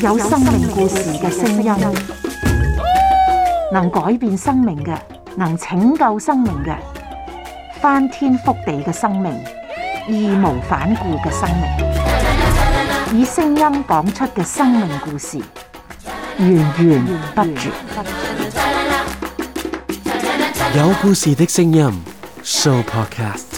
有生命故事嘅聲音，能改變生命嘅，能拯救生命嘅，翻天覆地嘅生命，義無反顧嘅生命，以聲音講出嘅生命故事，源源不絕。有故事嘅聲音，Show Podcast。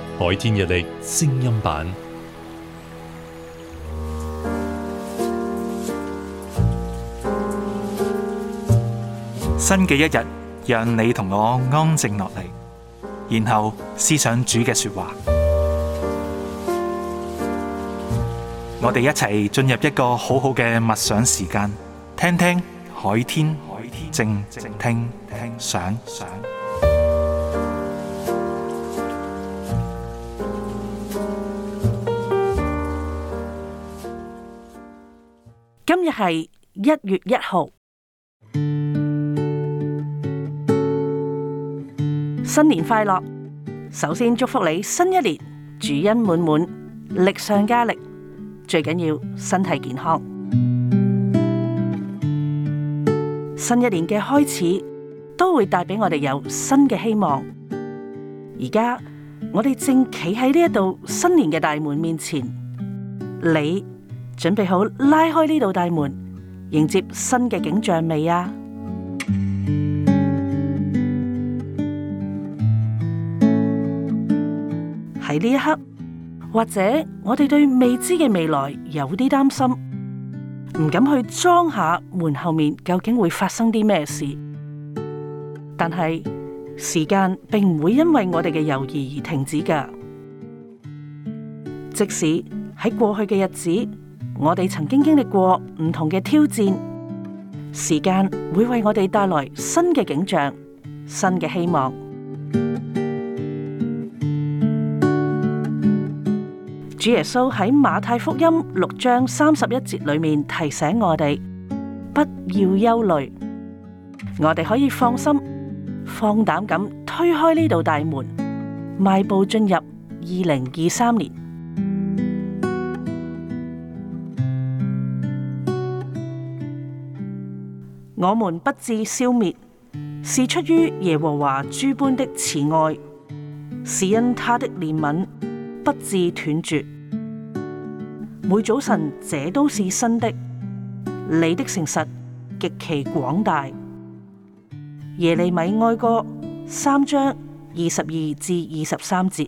海天日曆聲音版，新嘅一日，讓你同我安靜落嚟，然後思想主嘅說話。我哋一齊進入一個好好嘅默想時間，聽聽海天海天，靜靜聽聽想想。今日係一月一號，新年快樂！首先祝福你新一年，主恩滿滿，力上加力，最緊要身體健康。新一年嘅開始都會帶俾我哋有新嘅希望。而家我哋正企喺呢一度新年嘅大門面前，你，準備好拉開呢道大門，迎接新嘅景象未啊？喺呢一刻，或者我哋對未知嘅未來有啲擔心，唔敢去裝下門後面究竟會發生啲咩事。但係時間並唔會因為我哋嘅猶豫而停止㗎，即使喺過去嘅日子。我哋曾經經歷過唔同嘅挑戰，時間會為我哋帶來新嘅景象，新嘅希望。主耶穌喺馬太福音六章三十一節裏面提醒我哋，不要憂慮，我哋可以放心，放膽咁推開呢道大門，邁步進入二零二三年。我們不致消滅，是出於耶和華諸般的慈愛，是因他的憐憫不致斷絕。每早晨這都是新的，你的誠實極其廣大。耶利米哀歌三章二十二至二十三節。